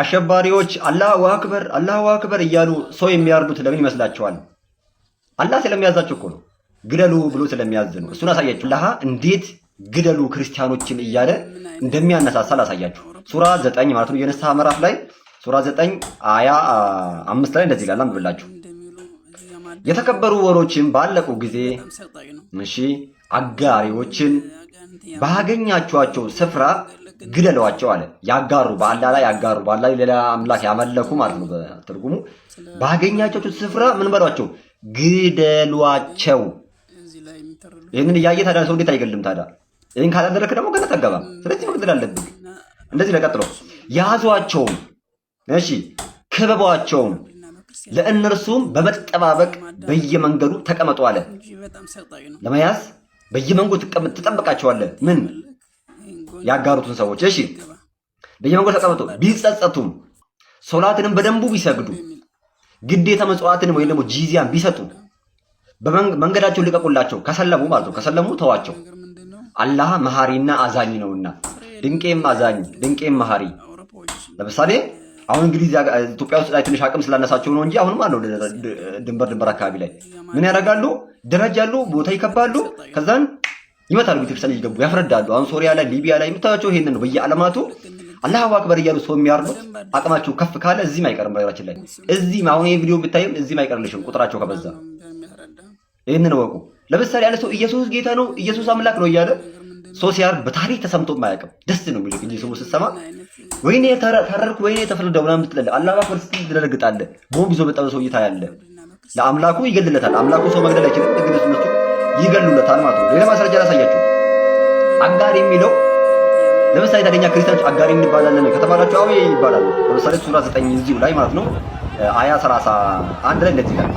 አሸባሪዎች አላሁ አክበር አላሁ አክበር እያሉ ሰው የሚያርዱት ለምን ይመስላችኋል? አላህ ስለሚያዛቸው እኮ ነው። ግደሉ ብሎ ስለሚያዝ ነው። እሱን አሳያችሁ። አላህ እንዴት ግደሉ ክርስቲያኖችን እያለ እንደሚያነሳሳ ላሳያችሁ። ሱራ ዘጠኝ ማለት ነው የነሳ ምዕራፍ ላይ ሱራ ዘጠኝ አያ አምስት ላይ እንደዚህ ይላል አንብብላችሁ የተከበሩ ወሮችን ባለቁ ጊዜ እሺ አጋሪዎችን ባገኛችኋቸው ስፍራ ግደለዋቸው አለ። ያጋሩ በአላ ላይ ያጋሩ በአላ ሌላ አምላክ ያመለኩ ማለት ነው። በትርጉሙ ባገኛቸው ስፍራ ምን በሏቸው? ግደሏቸው። ይህንን እያየ ታዲያ ሰው እንዴት አይገልም ታዲያ? ይህን ካላደረክ ደግሞ ገና ተገባም። ስለዚህ መግደል አለብን። እንደዚህ ለቀጥሎ ያዟቸውም፣ እሺ ክበቧቸውም ለእነርሱም በመጠባበቅ በየመንገዱ ተቀመጡ አለ። ለመያዝ በየመንገዱ ትጠብቃቸዋለህ። ምን ያጋሩትን ሰዎች እሺ፣ በየመንገዱ ተቀመጡ። ቢጸጸቱም ሶላትንም በደንቡ ቢሰግዱ ግዴታ መጽዋትንም ወይም ደግሞ ጂዚያን ቢሰጡ መንገዳቸውን ልቀቁላቸው። ከሰለሙ ማለት ነው። ከሰለሙ ተዋቸው። አላህ መሐሪና አዛኝ ነውና ድንቄም አዛኝ ድንቄም መሐሪ ለምሳሌ አሁን እንግዲህ ኢትዮጵያ ውስጥ ላይ ትንሽ አቅም ስላነሳቸው ነው እንጂ አሁንም አለው ድንበር ድንበር አካባቢ ላይ ምን ያደርጋሉ? ይደራጃሉ፣ ቦታ ይከባሉ፣ ከዛን ይመታሉ፣ ቤተክርስቲያን ይገቡ፣ ያፍረዳሉ። አሁን ሶሪያ ላይ፣ ሊቢያ ላይ የምታያቸው ይሄንን ነው። በየዓለማቱ አላህ አክበር እያሉ ሰው የሚያርዱት አቅማቸው ከፍ ካለ እዚህም አይቀርም። በነገራችን ላይ እዚህም አሁን ይሄ ቪዲዮ ብታይም እዚህም አይቀርልሽም ቁጥራቸው ከበዛ። ይህንን ወቁ። ለምሳሌ ያለ ሰው ኢየሱስ ጌታ ነው፣ ኢየሱስ አምላክ ነው እያለ ሶሲያር በታሪክ ተሰምቶ አያውቅም። ደስ ነው የሚልህ እንጂ ሰው ስትሰማ ወይኔ ተረርኩ ወይኔ ተፈረደ ምናምን ትላለህ። አላህ አክበር ስትል ትደነግጣለህ። ቦምብ ይዞ መጣ ሰው ይታያል። ለአምላኩ ይገልለታል። አምላኩ ሰው መግደል አይችልም፣ ግን እነሱ ይገሉለታል ማለት ነው። ሌላ ማስረጃ ላሳያችሁ። አጋር የሚለው ለምሳሌ ታገኛ ክርስቲያኖች አጋር እንባላለን ከተባላችሁ አዎ ይባላል። ለምሳሌ ሱራ ዘጠኝ እዚሁ ላይ ማለት ነው አያ አንድ ላይ እንደዚህ ይላል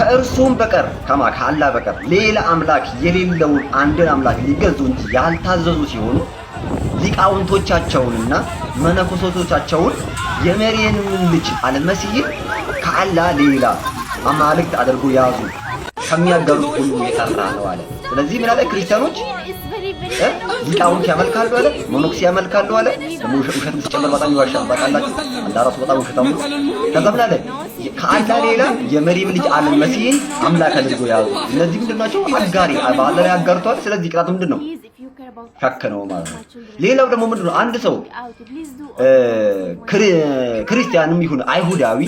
ከእርሱም በቀር ከማ ከአላህ በቀር ሌላ አምላክ የሌለውን አንድን አምላክ ሊገዙ እንጂ ያልታዘዙ ሲሆኑ ሊቃውንቶቻቸውንና መነኮሶቶቻቸውን የመሪየንም ልጅ አልመሲህን ከአላህ ሌላ አማልክት አድርጎ ያዙ ከሚያጋሩት ሁሉ የጠራ ነው አለ። ስለዚህ ምን አለ? ክርስቲያኖች ሊቃውንት ያመልካሉ አለ፣ መኖክስ ያመልካሉ አለ። ደግሞ ውሸት ሲጨመር በጣም ይዋሻል። በቃላችሁ አንዳራሱ በጣም ውሸታሙ ከዛ ምን አለ ከአላ ሌላ የመሪም ልጅ አለም መሲህን አምላክ አድርጎ ያዙ። እነዚህ ምንድን ናቸው? አጋሪ በአላ ላይ አጋርተዋል። ስለዚህ ቅጣቱ ምንድን ነው? ሸክ ነው ማለት ነው። ሌላው ደግሞ ምንድን ነው? አንድ ሰው ክርስቲያንም ይሁን አይሁዳዊ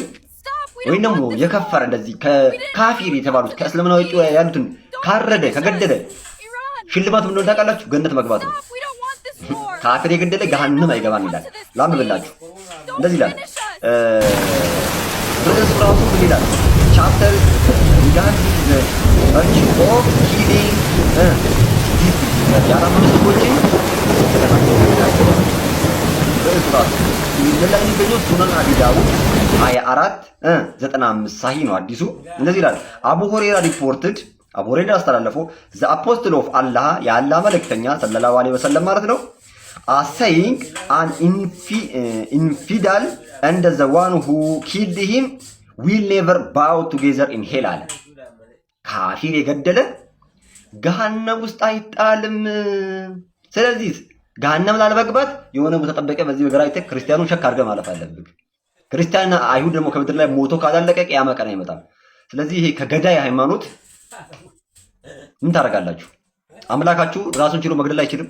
ወይም ደግሞ የከፈረ እንደዚህ ከካፊር የተባሉት ከእስልምና ውጭ ያሉትን ካረደ ከገደለ ሽልማት ምንድን ታውቃላችሁ? ገነት መግባት ነው። ካፊር የገደለ ገሃንም አይገባም ይላል። ላንብብላችሁ። እንደዚህ ይላል Notice ራሱ ምን ይላል? ቻፕተር ጋድ ዘ ቸርች ኦፍ ሂሊንግ የአራቱ ምስጎችን ርዕሱ ራሱ ምን ላይ የሚገኘው? ሱነን አቢ ዳውድ 24 95 ሳሂ ነው አዲሱ። እንደዚህ ይላል አቡ ሁሬራ ሪፖርትድ አቡ ሁሬራ አስተላለፈው ዘ አፖስትል ኦፍ አላህ የአላህ መልእክተኛ ሰለላሁ ዐለይሂ ወሰለም ማለት ነው አሰይንግ አን ኢንፊዳል እንደ ዘ ዋን ሁ ኪልድ ሂም ዊል ኔቨር ባው ቱጌዘር ኢን ሄል አለ። ካፊር የገደለ ገሃነም ውስጥ አይጣልም። ስለዚህ ገሃነም ላለመግባት የሆነ ቦታ ጠበቀ። በዚህ በግራ ክርስቲያኑ ክርስቲያኑን ሸክ አድርገህ ማለፍ አለብህ። ክርስቲያንና አይሁድ ደግሞ ከምድር ላይ ሞቶ ካላለቀ ቅያማ ቀን አይመጣም። ስለዚህ ይሄ ከገዳይ ሃይማኖት ምን ታደርጋላችሁ? አምላካችሁ ራሱን ችሎ መግደል አይችልም።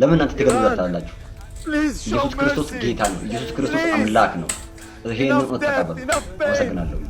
ለምን እናንተ ትገድላላችሁ? ኢየሱስ ክርስቶስ ጌታ ነው። ኢየሱስ ክርስቶስ አምላክ ነው። ይሄን ነው ተቀበሉ። አመሰግናለሁ።